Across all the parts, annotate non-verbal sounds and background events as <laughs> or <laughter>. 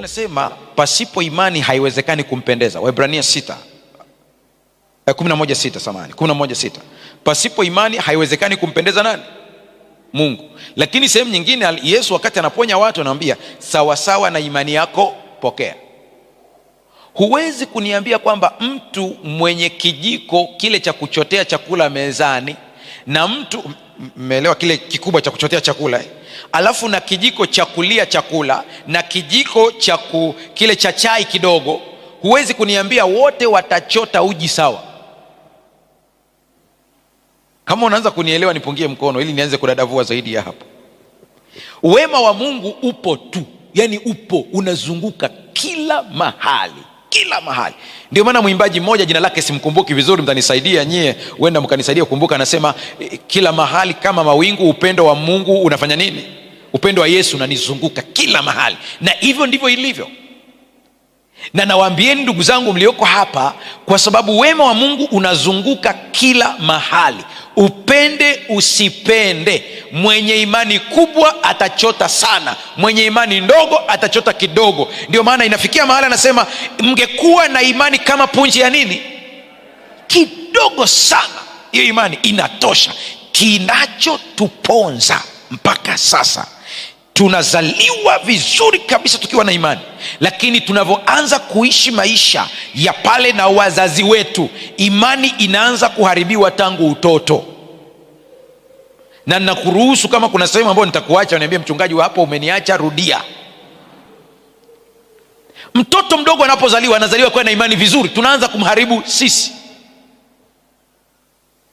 inasema pasipo imani haiwezekani kumpendeza. Waebrania sita eh, moja sita samani moja sita pasipo imani haiwezekani kumpendeza nani? Mungu. Lakini sehemu nyingine Yesu wakati anaponya watu anawaambia sawasawa na imani yako pokea. Huwezi kuniambia kwamba mtu mwenye kijiko kile cha kuchotea chakula mezani na mtu Mmeelewa kile kikubwa cha kuchotea chakula eh? Alafu na kijiko cha kulia chakula na kijiko cha kile cha chai kidogo, huwezi kuniambia wote watachota uji sawa. Kama unaanza kunielewa, nipungie mkono ili nianze kudadavua zaidi ya hapo. Wema wa Mungu upo tu, yani upo unazunguka kila mahali kila mahali. Ndio maana mwimbaji mmoja jina lake simkumbuki vizuri, mtanisaidia nyie, huenda mkanisaidia kukumbuka. Anasema eh, kila mahali kama mawingu, upendo wa Mungu unafanya nini? Upendo wa Yesu unanizunguka kila mahali, na hivyo ndivyo ilivyo na nawaambieni ndugu zangu mlioko hapa, kwa sababu wema wa Mungu unazunguka kila mahali. Upende usipende, mwenye imani kubwa atachota sana, mwenye imani ndogo atachota kidogo. Ndio maana inafikia mahali anasema, mngekuwa na imani kama punji ya nini, kidogo sana, hiyo imani inatosha. Kinachotuponza mpaka sasa tunazaliwa vizuri kabisa tukiwa na imani, lakini tunavyoanza kuishi maisha ya pale na wazazi wetu, imani inaanza kuharibiwa tangu utoto. Na nakuruhusu kama kuna sehemu ambayo nitakuacha, niambia mchungaji wa hapo, umeniacha rudia. Mtoto mdogo anapozaliwa anazaliwa kuwa na imani vizuri, tunaanza kumharibu sisi.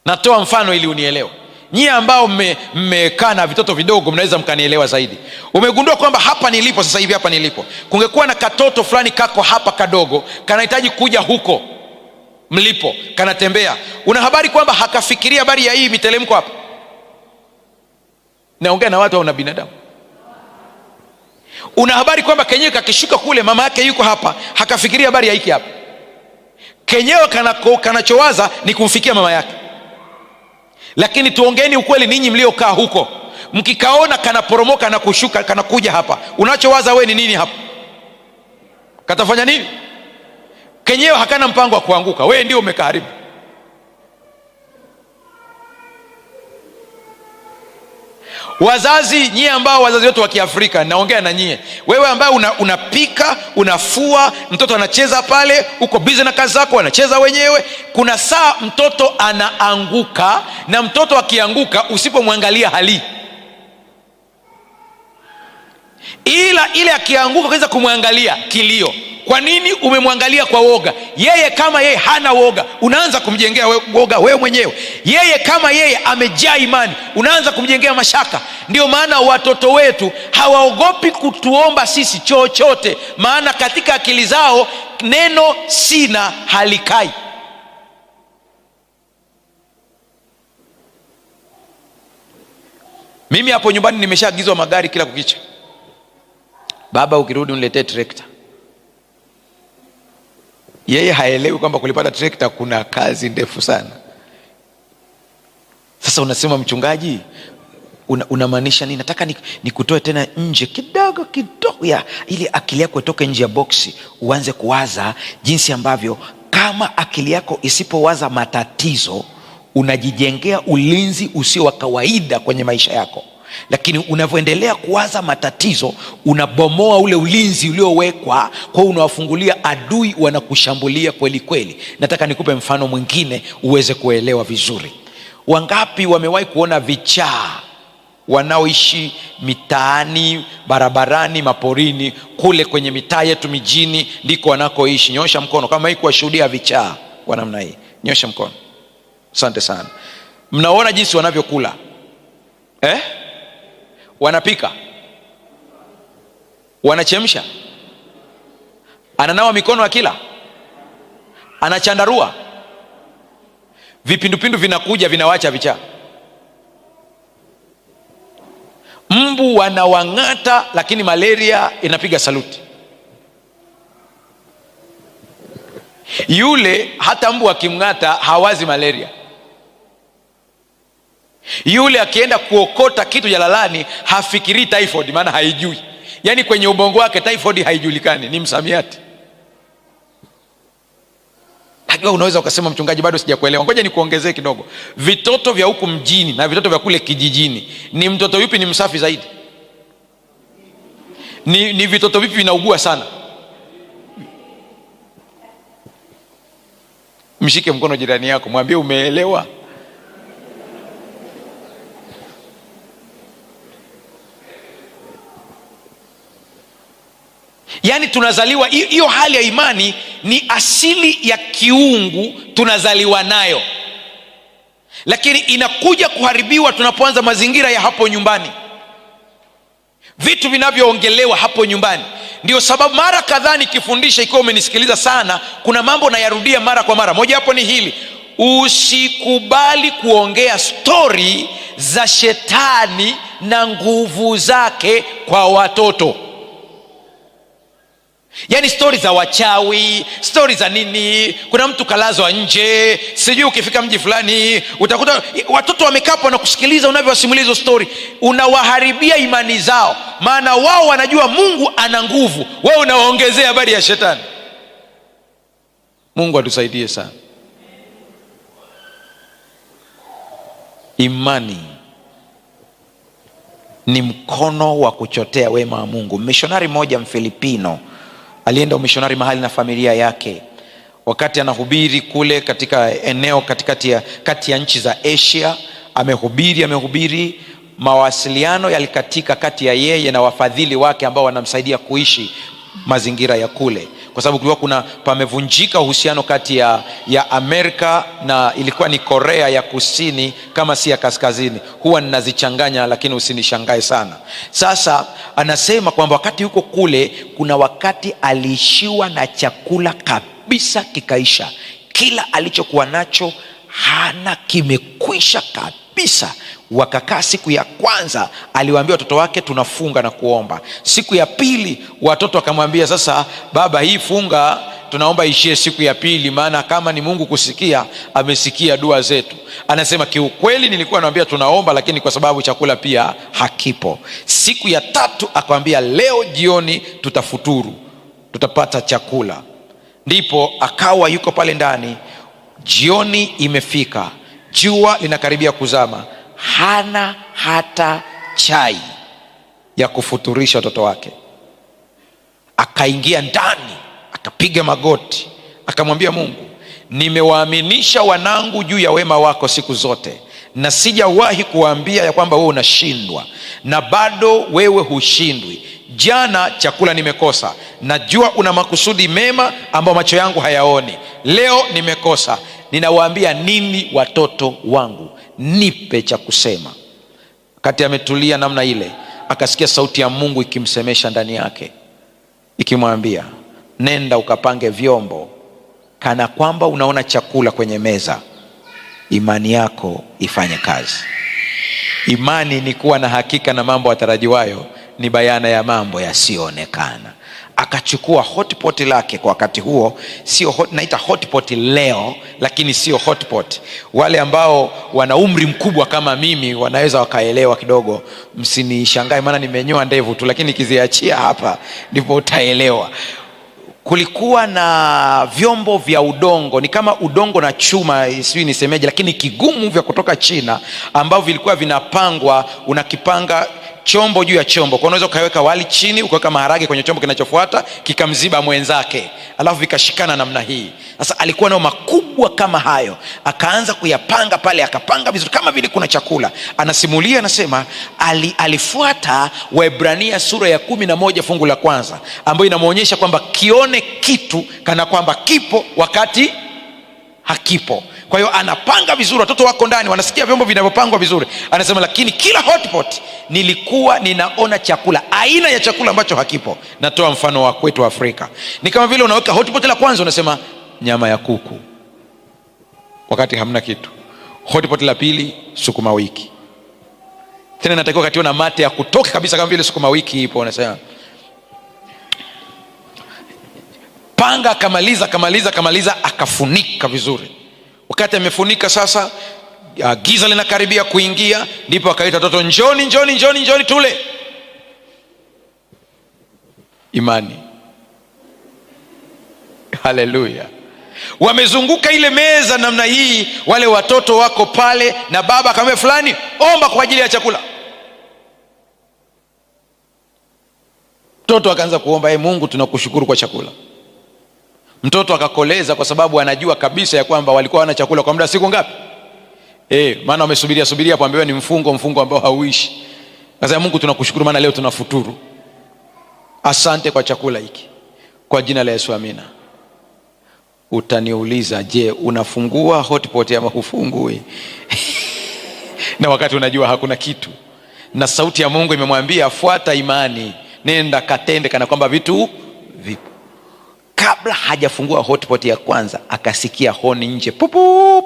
Natoa mfano ili unielewa nyie ambao mmekaa na vitoto vidogo mnaweza mkanielewa zaidi. Umegundua kwamba hapa nilipo sasa hivi, hapa nilipo kungekuwa na katoto fulani kako hapa kadogo, kanahitaji kuja huko mlipo, kanatembea. Una habari kwamba hakafikiria habari ya hii mitelemko hapa? Naongea na watu au na binadamu? Una habari kwamba kenyewe kakishuka kule, mama yake yuko hapa, hakafikiria habari ya hiki hapa. Kenyewe kanachowaza ni kumfikia mama yake. Lakini tuongeeni ukweli, ninyi mliokaa huko, mkikaona kanaporomoka na kushuka kanakuja hapa, unachowaza we ni nini? hapa katafanya nini? Kenyewe hakana mpango wa kuanguka, wewe ndio umekaharibu. Wazazi nyie, ambao wazazi wetu wa Kiafrika, naongea na nyie, wewe ambaye unapika una unafua, mtoto anacheza pale, uko bizi na kazi zako, anacheza wenyewe. Kuna saa mtoto anaanguka, na mtoto akianguka, usipomwangalia hali ila ile akianguka, kaweza kumwangalia kilio kwa nini umemwangalia kwa woga? Yeye kama yeye hana woga, unaanza kumjengea woga wewe mwenyewe. Yeye kama yeye amejaa imani, unaanza kumjengea mashaka. ndio maana watoto wetu hawaogopi kutuomba sisi chochote, maana katika akili zao neno sina halikai. Mimi hapo nyumbani nimeshaagizwa magari kila kukicha, baba, ukirudi uniletee trekta yeye haelewi kwamba kulipata trekta kuna kazi ndefu sana. Sasa unasema mchungaji, unamaanisha una nini? Nataka nikutoe ni tena nje kidogo kidogo, ya ili akili yako itoke nje ya boksi, uanze kuwaza jinsi ambavyo, kama akili yako isipowaza matatizo, unajijengea ulinzi usio wa kawaida kwenye maisha yako lakini unavyoendelea kuwaza matatizo unabomoa ule ulinzi uliowekwa, kwa unawafungulia adui, wanakushambulia kweli kweli. Nataka nikupe mfano mwingine uweze kuelewa vizuri. Wangapi wamewahi kuona vichaa wanaoishi mitaani, barabarani, maporini, kule kwenye mitaa yetu mijini ndiko wanakoishi? Nyosha mkono kama hii kuwashuhudia vichaa kwa namna hii, nyosha mkono. Asante sana. Mnaona jinsi wanavyokula eh? wanapika, wanachemsha, ananawa mikono akila, anachandarua, vipindupindu vinakuja vinawacha vichaa, mbu wanawang'ata, lakini malaria inapiga saluti. Yule hata mbu akimng'ata hawazi malaria. Yule akienda kuokota kitu jalalani hafikirii typhoid, maana haijui. Yaani kwenye ubongo wake typhoid haijulikani, ni msamiati. Najua unaweza ukasema mchungaji, bado sijakuelewa. Ngoja nikuongezee kidogo. Vitoto vya huku mjini na vitoto vya kule kijijini, ni mtoto yupi ni msafi zaidi? Ni, ni vitoto vipi vinaugua sana? Mshike mkono jirani yako, mwambie umeelewa. Yaani tunazaliwa hiyo hali ya imani ni asili ya kiungu tunazaliwa nayo, lakini inakuja kuharibiwa tunapoanza mazingira ya hapo nyumbani, vitu vinavyoongelewa hapo nyumbani. Ndio sababu mara kadhaa nikifundisha, ikiwa umenisikiliza sana, kuna mambo nayarudia mara kwa mara. Moja wapo ni hili, usikubali kuongea stori za shetani na nguvu zake kwa watoto. Yaani stori za wachawi, stori za nini, kuna mtu kalazwa nje, sijui ukifika mji fulani utakuta watoto wamekapa na kusikiliza unavyowasimulia hizo stori, unawaharibia imani zao, maana wao wanajua Mungu ana nguvu, wewe unawaongezea habari ya shetani. Mungu atusaidie sana. Imani ni mkono wa kuchotea wema wa Mungu. Mishonari mmoja Mfilipino alienda umishonari mahali na familia yake. Wakati anahubiri kule katika eneo katikati ya kati ya nchi za Asia, amehubiri amehubiri, mawasiliano yalikatika kati ya yeye na wafadhili wake ambao wanamsaidia kuishi mazingira ya kule kwa sababu kulikuwa kuna pamevunjika uhusiano kati ya, ya Amerika na ilikuwa ni Korea ya kusini kama si ya kaskazini. Huwa ninazichanganya, lakini usinishangae sana. Sasa anasema kwamba wakati yuko kule, kuna wakati aliishiwa na chakula kabisa kikaisha, kila alichokuwa nacho hana, kimekwisha kabisa. Wakakaa siku ya kwanza, aliwaambia watoto wake tunafunga na kuomba. Siku ya pili watoto wakamwambia, sasa baba, hii funga tunaomba ishie siku ya pili, maana kama ni Mungu kusikia, amesikia dua zetu. Anasema kiukweli, nilikuwa naambia tunaomba, lakini kwa sababu chakula pia hakipo. Siku ya tatu akawambia leo jioni tutafuturu, tutapata chakula. Ndipo akawa yuko pale ndani, jioni imefika, jua linakaribia kuzama hana hata chai ya kufuturisha watoto wake. Akaingia ndani akapiga magoti akamwambia Mungu, nimewaaminisha wanangu juu ya wema wako siku zote na sijawahi kuwaambia ya kwamba wewe unashindwa, na bado wewe hushindwi. Jana chakula nimekosa, najua una makusudi mema ambayo macho yangu hayaoni. Leo nimekosa ninawaambia nini watoto wangu, nipe cha kusema. Wakati ametulia namna ile, akasikia sauti ya Mungu ikimsemesha ndani yake, ikimwambia nenda ukapange vyombo, kana kwamba unaona chakula kwenye meza. Imani yako ifanye kazi. Imani ni kuwa na hakika na mambo yatarajiwayo, ni bayana ya mambo yasiyoonekana akachukua hotpot lake kwa wakati huo, sio hot, naita hotpot leo, lakini sio hotpot. Wale ambao wana umri mkubwa kama mimi wanaweza wakaelewa kidogo, msinishangae, maana nimenyoa ndevu tu, lakini kiziachia hapa ndipo utaelewa. Kulikuwa na vyombo vya udongo, ni kama udongo na chuma, sijui nisemeje, lakini kigumu, vya kutoka China ambavyo vilikuwa vinapangwa, unakipanga chombo juu ya chombo. Kwa unaweza ukaweka wali chini ukaweka maharage kwenye chombo kinachofuata kikamziba mwenzake, alafu vikashikana namna hii. Sasa alikuwa nao makubwa kama hayo, akaanza kuyapanga pale, akapanga vizuri kama vile kuna chakula. Anasimulia anasema ali, alifuata Waebrania sura ya kumi na moja fungu la kwanza ambayo inamwonyesha kwamba kione kitu kana kwamba kipo wakati hakipo. Kwa hiyo anapanga vizuri, watoto wako ndani wanasikia vyombo vinavyopangwa vizuri. Anasema lakini kila hotpot nilikuwa ninaona chakula, aina ya chakula ambacho hakipo. Natoa mfano wa kwetu Afrika, ni kama vile unaweka hotpot la kwanza unasema nyama ya kuku, wakati hamna kitu. Hotpot la pili sukuma wiki, tena natakiwa katiwa na mate ya kutoka kabisa, kama vile sukuma wiki ipo. Unasema panga, akamaliza akamaliza akamaliza, akafunika vizuri. Wakati amefunika sasa, ah, giza linakaribia kuingia, ndipo akaita toto njoni, njoni, njoni, njoni tule. Imani, <laughs> haleluya! Wamezunguka ile meza namna hii, wale watoto wako pale, na baba akamwambia fulani, omba kwa ajili ya chakula. Mtoto akaanza kuomba, e Mungu, tunakushukuru kwa chakula Mtoto akakoleza kwa sababu anajua kabisa ya kwamba walikuwa wana chakula kwa muda siku ngapi? Eh, maana wamesubiria subiria hapo, ni mfungo, mfungo ambao hauishi. Sasa Mungu tunakushukuru, maana leo tunafuturu. Asante kwa chakula hiki, kwa jina la Yesu, amina. Utaniuliza, je, unafungua hotpot ama hufungui? <laughs> na wakati unajua hakuna kitu, na sauti ya Mungu imemwambia fuata imani, nenda katende kana kwamba vitu vipo kabla hajafungua hotpot ya kwanza akasikia honi nje pupup,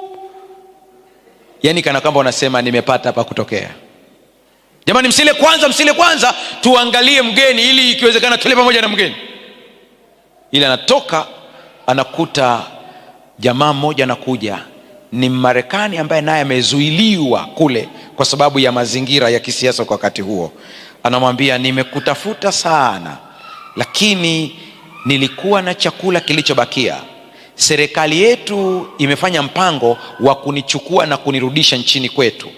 yaani kana kwamba unasema nimepata hapa kutokea. Jamani, msile kwanza, msile kwanza, tuangalie mgeni, ili ikiwezekana tule pamoja na mgeni. Ili anatoka anakuta jamaa mmoja anakuja, ni marekani ambaye naye amezuiliwa kule kwa sababu ya mazingira ya kisiasa kwa wakati huo. Anamwambia nimekutafuta sana, lakini nilikuwa na chakula kilichobakia. Serikali yetu imefanya mpango wa kunichukua na kunirudisha nchini kwetu,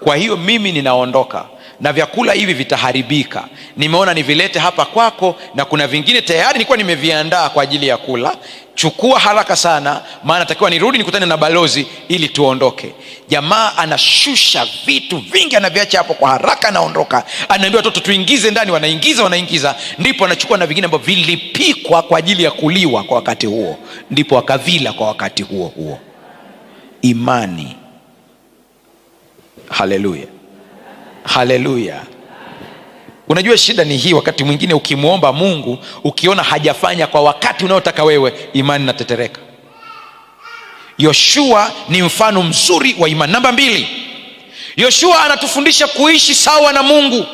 kwa hiyo mimi ninaondoka na vyakula hivi vitaharibika, nimeona nivilete hapa kwako, na kuna vingine tayari nilikuwa nimeviandaa kwa ajili ya kula. Chukua haraka sana, maana natakiwa nirudi nikutane na balozi ili tuondoke. Jamaa anashusha vitu vingi, anaviacha hapo kwa haraka, anaondoka. Anaambia watoto tuingize ndani, wanaingiza wanaingiza, ndipo anachukua na vingine ambavyo vilipikwa kwa ajili ya kuliwa kwa wakati huo, ndipo akavila kwa wakati huo huo. Imani! Haleluya! Haleluya. Unajua shida ni hii, wakati mwingine ukimwomba Mungu ukiona hajafanya kwa wakati unaotaka wewe, imani natetereka Yoshua ni mfano mzuri wa imani. Namba mbili, Yoshua anatufundisha kuishi sawa na Mungu,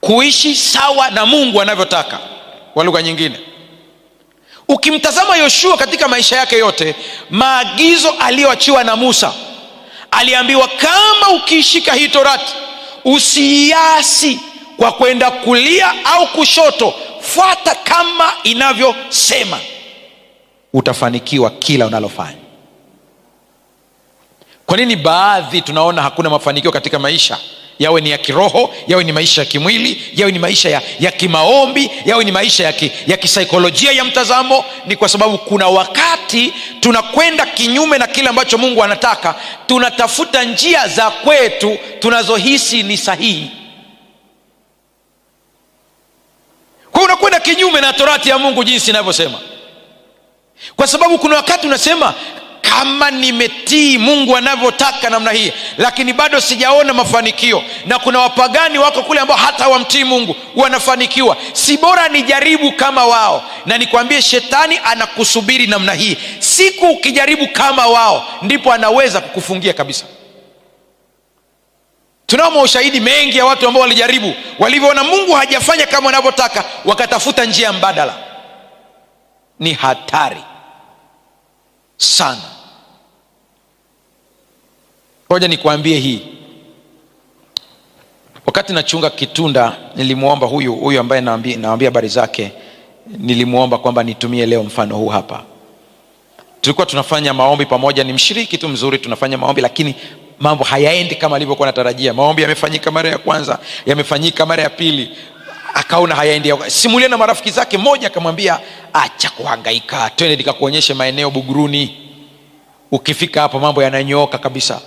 kuishi sawa na Mungu anavyotaka. Kwa lugha nyingine, ukimtazama Yoshua katika maisha yake yote, maagizo aliyoachiwa na Musa aliambiwa kama ukiishika hii torati usiiasi kwa kwenda kulia au kushoto, fuata kama inavyosema, utafanikiwa kila unalofanya. Kwa nini baadhi tunaona hakuna mafanikio katika maisha? yawe ni ya kiroho, yawe ni maisha ya kimwili, yawe ni maisha ya, ya kimaombi, yawe ni maisha ya, ki, ya kisaikolojia ya mtazamo. Ni kwa sababu kuna wakati tunakwenda kinyume na kile ambacho Mungu anataka, tunatafuta njia za kwetu tunazohisi ni sahihi. Kwa unakwenda kinyume na torati ya Mungu jinsi inavyosema, kwa sababu kuna wakati unasema kama nimetii Mungu anavyotaka namna hii, lakini bado sijaona mafanikio, na kuna wapagani wako kule ambao hata hawamtii Mungu wanafanikiwa, si bora nijaribu kama wao? Na nikwambie, shetani anakusubiri namna hii, siku ukijaribu kama wao, ndipo anaweza kukufungia kabisa. Tunao maushahidi mengi ya watu ambao walijaribu, walivyoona Mungu hajafanya kama wanavyotaka wakatafuta njia mbadala. Ni hatari sana. Ngoja nikuambie hii, wakati nachunga Kitunda nilimwomba huyu huyu ambaye nawambia habari zake, nilimwomba kwamba nitumie leo mfano huu hapa. Tulikuwa tunafanya maombi pamoja, ni mshiriki tu mzuri, tunafanya maombi lakini mambo hayaendi kama alivyokuwa natarajia. Maombi yamefanyika mara ya kwanza, yamefanyika mara ya pili, akaona hayaendi. Simulia na marafiki zake, mmoja akamwambia acha kuhangaika, twende nikakuonyeshe maeneo Buguruni, ukifika hapo mambo yananyooka kabisa.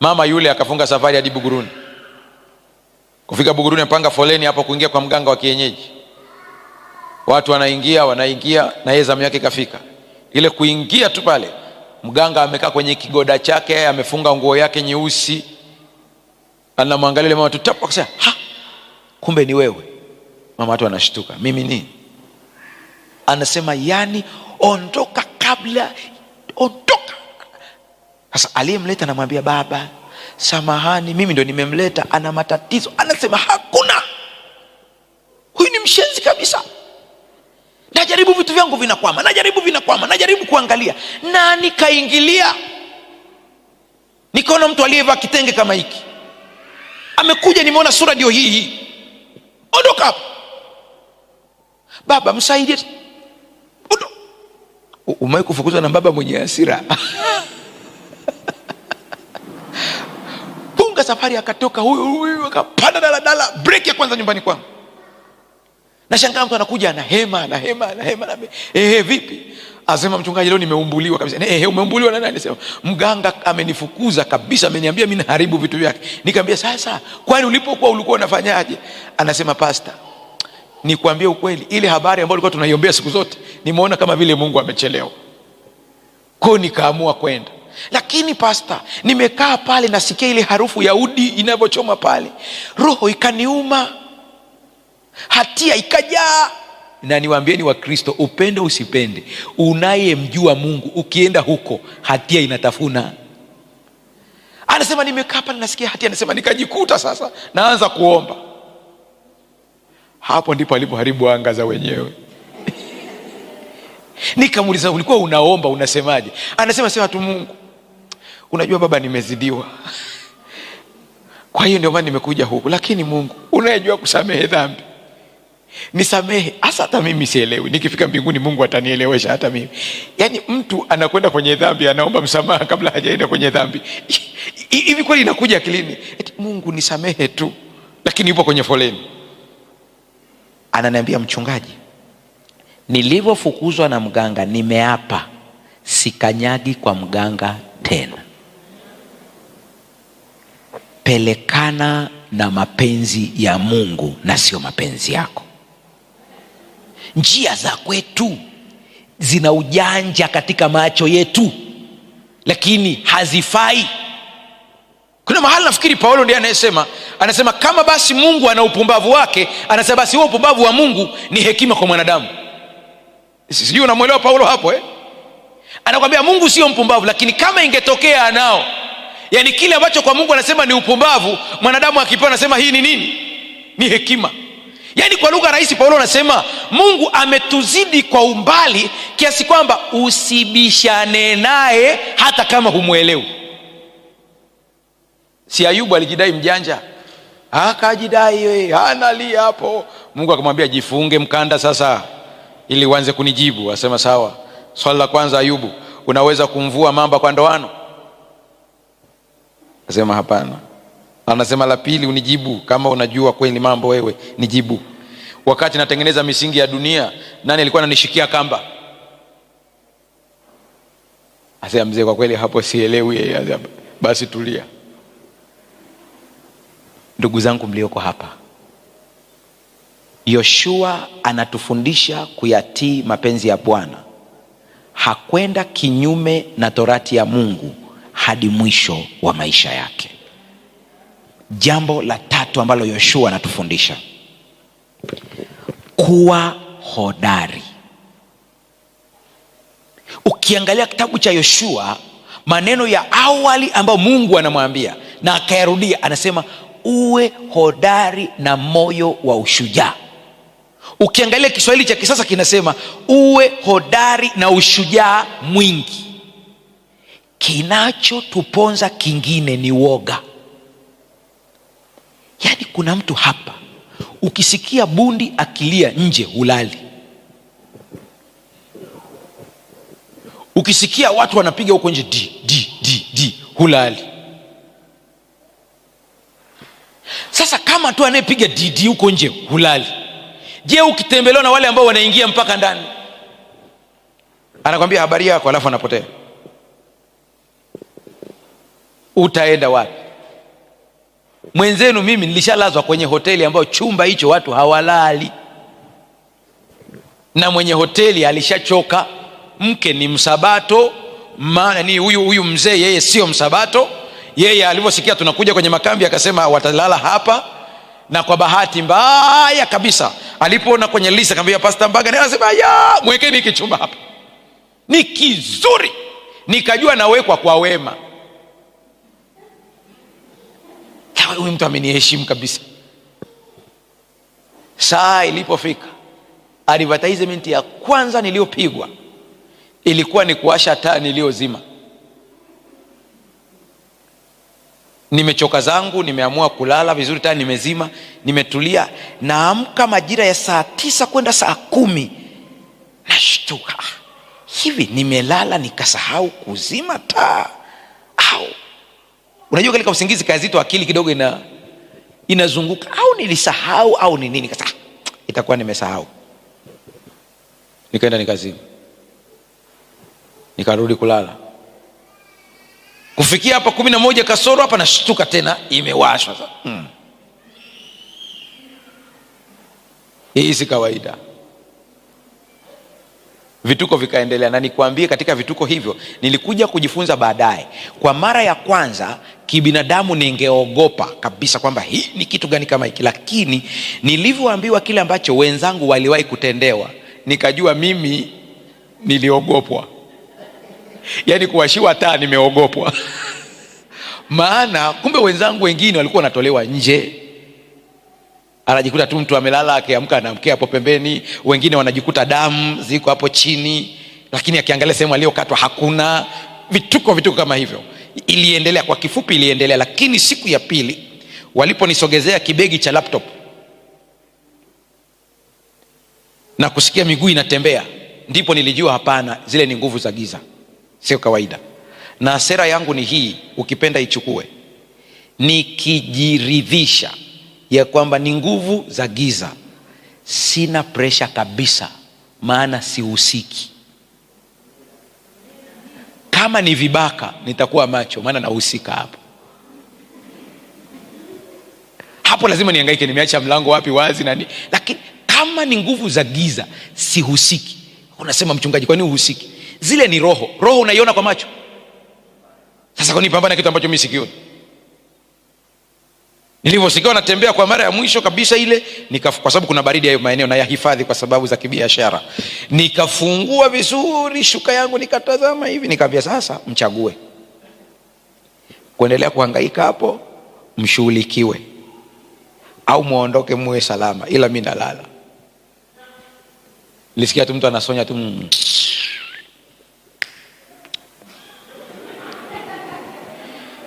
Mama yule akafunga safari hadi Buguruni. Kufika Buguruni amepanga foleni hapo kuingia kwa mganga wa kienyeji. Watu wanaingia wanaingia, na yeye zamu yake ikafika Ile kuingia tu pale, mganga amekaa kwenye kigoda chake, amefunga nguo yake nyeusi, anamwangalia ile mama tutapo akasema ha, kumbe ni wewe mama. Watu anashtuka mimi nini? Anasema yani, ondoka kabla ondoka. Sasa aliyemleta anamwambia baba, samahani, mimi ndo nimemleta, ana matatizo. Anasema hakuna, huyu ni mshenzi kabisa. Najaribu vitu vyangu vinakwama, najaribu vinakwama, najaribu kuangalia, na nikaingilia, nikaona mtu aliyevaa kitenge kama hiki amekuja, nimeona sura ndio hii hii, ondoka hapo baba, msaidie. Umewahi kufukuzwa na baba mwenye hasira? <laughs> safari akatoka huyu huyu akapanda daladala, break ya kwanza nyumbani kwangu. Nashangaa mtu anakuja anahema anahema anahema, ehe, vipi? Asema mchungaji, leo nimeumbuliwa kabisa. Ehe, umeumbuliwa na nani? Anasema mganga amenifukuza kabisa, ameniambia mimi naharibu vitu vyake. Nikamwambia, sasa kwani ulipokuwa ulikuwa unafanyaje? Anasema pasta, nikwambie ukweli, ile habari ambayo ulikuwa tunaiombea siku zote nimeona kama vile Mungu amechelewa, kwa nikaamua kwenda lakini pasta, nimekaa pale nasikia ile harufu ya udi inavyochoma pale, roho ikaniuma, hatia ikajaa. Na niwaambieni Wakristo, upende usipende, unayemjua Mungu ukienda huko, hatia inatafuna. Anasema nimekaa pale nasikia hatia, anasema nikajikuta sasa naanza kuomba. Hapo ndipo alipoharibu anga za wenyewe. <laughs> Nikamuuliza, ulikuwa unaomba unasemaje? Anasema sema tu Mungu unajua baba, nimezidiwa kwa hiyo ndio maana nimekuja huku, lakini Mungu unayejua kusamehe dhambi nisamehe hasa. Hata mimi sielewi, nikifika mbinguni Mungu atanielewesha hata mimi. Yaani mtu anakwenda kwenye dhambi anaomba msamaha kabla hajaenda kwenye dhambi hivi, kweli inakuja akilini? Mungu nisamehe tu, lakini yupo kwenye foleni. Ananiambia mchungaji, nilivyofukuzwa na mganga nimeapa sikanyagi kwa mganga tena pelekana na mapenzi ya Mungu na sio mapenzi yako. Njia za kwetu zina ujanja katika macho yetu, lakini hazifai. Kuna mahali nafikiri Paulo ndiye anayesema, anasema kama basi Mungu ana upumbavu wake, anasema basi huo upumbavu wa Mungu ni hekima kwa mwanadamu. Sijui unamwelewa Paulo hapo eh? Anakwambia Mungu sio mpumbavu, lakini kama ingetokea anao yaani kile ambacho kwa Mungu anasema ni upumbavu, mwanadamu akipewa anasema hii ni nini? Ni hekima. Yaani kwa lugha rahisi, Paulo anasema Mungu ametuzidi kwa umbali kiasi kwamba usibishane naye hata kama humwelewi. Si Ayubu alijidai mjanja, akajidai ah, we analia hapo, Mungu akamwambia jifunge mkanda sasa, ili uanze kunijibu. Asema sawa. Swali la kwanza, Ayubu, unaweza kumvua mamba kwa ndoano? Nasema hapana. Anasema la pili, unijibu kama unajua kweli mambo wewe, nijibu. Wakati natengeneza misingi ya dunia, nani alikuwa ananishikia kamba? Asema mzee, kwa kweli hapo sielewi. Basi tulia. Ndugu zangu mlioko hapa, Yoshua anatufundisha kuyatii mapenzi ya Bwana. Hakwenda kinyume na torati ya Mungu hadi mwisho wa maisha yake. Jambo la tatu ambalo Yoshua anatufundisha kuwa hodari. Ukiangalia kitabu cha Yoshua, maneno ya awali ambayo Mungu anamwambia na akayarudia, anasema uwe hodari na moyo wa ushujaa. Ukiangalia Kiswahili cha kisasa kinasema uwe hodari na ushujaa mwingi. Kinachotuponza kingine ni woga. Yaani, kuna mtu hapa, ukisikia bundi akilia nje hulali, ukisikia watu wanapiga huko nje di di di di hulali. Sasa kama tu anayepiga didi huko nje hulali, je, ukitembelewa na wale ambao wanaingia mpaka ndani, anakwambia habari yako, alafu anapotea utaenda wapi? Mwenzenu mimi nilishalazwa kwenye hoteli ambayo chumba hicho watu hawalali, na mwenye hoteli alishachoka. Mke ni msabato, maana ni huyu huyu mzee, yeye sio msabato. Yeye alivyosikia tunakuja kwenye makambi akasema watalala hapa, na kwa bahati mbaya kabisa alipoona kwenye lisa akamwambia Pasta Mbaga, naye anasema ya mwekeni chumba hapa, ni kizuri. Nikajua nawekwa kwa wema huyu mtu ameniheshimu kabisa. Saa ilipofika advertisement ya kwanza niliyopigwa ilikuwa ni kuasha taa niliyozima. Nimechoka zangu, nimeamua kulala vizuri, taa nimezima, nimetulia. Naamka majira ya saa tisa kwenda saa kumi nashtuka, hivi nimelala nikasahau kuzima taa au Unajua, katika usingizi kazi zito, akili kidogo ina inazunguka, au nilisahau au ni nini, kasa itakuwa nimesahau. Nikaenda nikazima, nikarudi kulala. Kufikia hapa kumi na moja kasoro hapa, nashtuka tena imewashwa. Hmm, hii si kawaida vituko vikaendelea, na nikuambie, katika vituko hivyo nilikuja kujifunza baadaye. Kwa mara ya kwanza kibinadamu, ningeogopa kabisa kwamba hii ni kitu gani kama hiki, lakini nilivyoambiwa kile ambacho wenzangu waliwahi kutendewa, nikajua mimi niliogopwa, yaani kuwashiwa taa nimeogopwa <laughs> maana kumbe wenzangu wengine walikuwa wanatolewa nje anajikuta tu mtu amelala, akiamka anamkea hapo pembeni. Wengine wanajikuta damu ziko hapo chini, lakini akiangalia sehemu aliyokatwa hakuna. Vituko vituko kama hivyo iliendelea. Kwa kifupi, iliendelea. Lakini siku ya pili waliponisogezea kibegi cha laptop na kusikia miguu inatembea, ndipo nilijua hapana, zile ni nguvu za giza, sio kawaida. Na sera yangu ni hii, ukipenda ichukue, nikijiridhisha ya kwamba ni nguvu za giza, sina presha kabisa, maana sihusiki. Kama ni vibaka nitakuwa macho, maana nahusika hapo hapo, lazima niangaike, nimeacha mlango wapi wazi nani. Lakini kama ni nguvu za giza sihusiki. Unasema mchungaji, kwani uhusiki? Zile ni roho, roho unaiona kwa macho. Sasa kwa pambana kitu ambacho mi sikioni? Nilivyosikia natembea kwa mara ya mwisho kabisa ile nika, kwa sababu kuna baridi hayo maeneo na kwa sababu za kibiashara. Nikafungua vizuri shuka yangu nikatazama hivi, nikaambia sasa mchague kuendelea kuhangaika hapo, mshughulikiwe au muondoke muwe salama, ila mi nalala. Nilisikia tu mtu anasonya tu mm.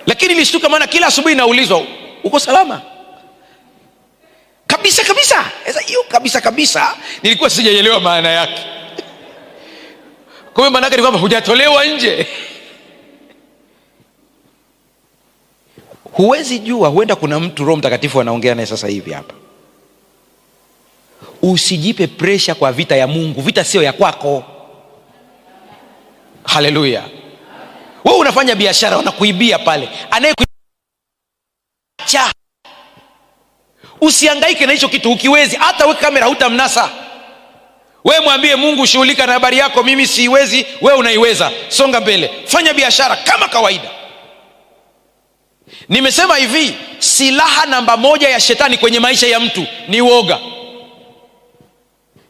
Lakini nilishtuka, maana kila asubuhi inaulizwa uko salama kabisa kabisa. Sasa hiyo kabisa kabisa nilikuwa sijaelewa maana yake. Kwa maana yake ni kwamba hujatolewa nje, huwezi jua, huenda kuna mtu Roho Mtakatifu anaongea naye sasa hivi hapa. Usijipe presha kwa vita ya Mungu, vita sio ya kwako. Haleluya! Wewe unafanya biashara, wanakuibia pale anaye usiangaike na hicho kitu, ukiwezi hata weka kamera, mnasa wee Mwambie Mungu, shughulika na habari yako, mimi siiwezi, wewe unaiweza. Songa mbele, fanya biashara kama kawaida. Nimesema hivi, silaha namba moja ya shetani kwenye maisha ya mtu ni uoga.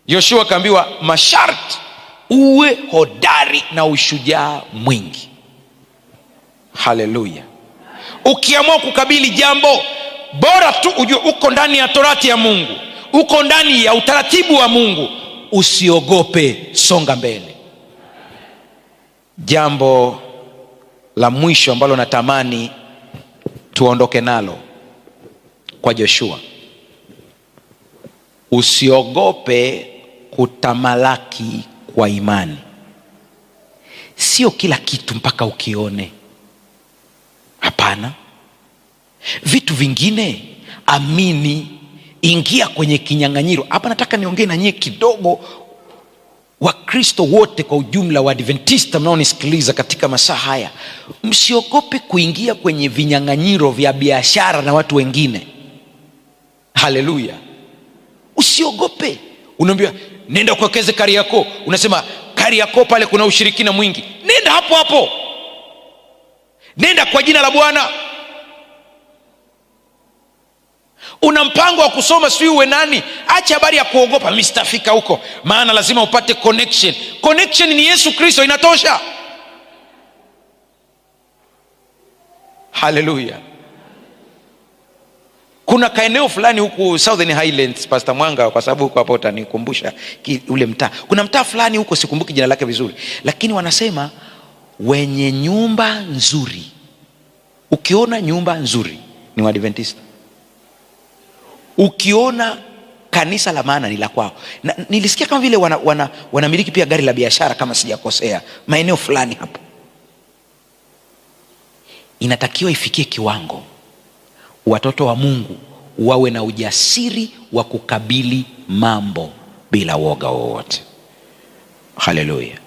Yoshua akaambiwa masharti uwe hodari na ushujaa mwingi. Haleluya! Ukiamua kukabili jambo bora tu ujue uko ndani ya torati ya Mungu, uko ndani ya utaratibu wa Mungu. Usiogope, songa mbele. Jambo la mwisho ambalo natamani tuondoke nalo kwa Joshua, usiogope kutamalaki kwa imani. Sio kila kitu mpaka ukione Vitu vingine amini, ingia kwenye kinyang'anyiro. Hapa nataka niongee na nyie kidogo, Wakristo wote kwa ujumla, wa adventista mnaonisikiliza katika masaa haya, msiogope kuingia kwenye vinyang'anyiro vya biashara na watu wengine. Haleluya, usiogope. Unaambiwa nenda kuwekeze yako unasema kari yako pale kuna ushirikina mwingi, nenda hapo hapo, nenda kwa jina la Bwana. una mpango wa kusoma, sijui uwe nani. Acha habari ya kuogopa, mi sitafika huko, maana lazima upate connection. Connection ni Yesu Kristo, inatosha. Haleluya. Kuna kaeneo fulani huku Southern Highlands, pasta Mwanga, kwa sababu huko hapo utanikumbusha ule mtaa. Kuna mtaa fulani huko, sikumbuki jina lake vizuri, lakini wanasema wenye nyumba nzuri, ukiona nyumba nzuri ni wadventista Ukiona kanisa la maana ni la kwao. Na, nilisikia kama vile wanamiliki wana, wana pia gari la biashara kama sijakosea, maeneo fulani hapo. Inatakiwa ifikie kiwango watoto wa Mungu wawe na ujasiri wa kukabili mambo bila woga wowote. Haleluya!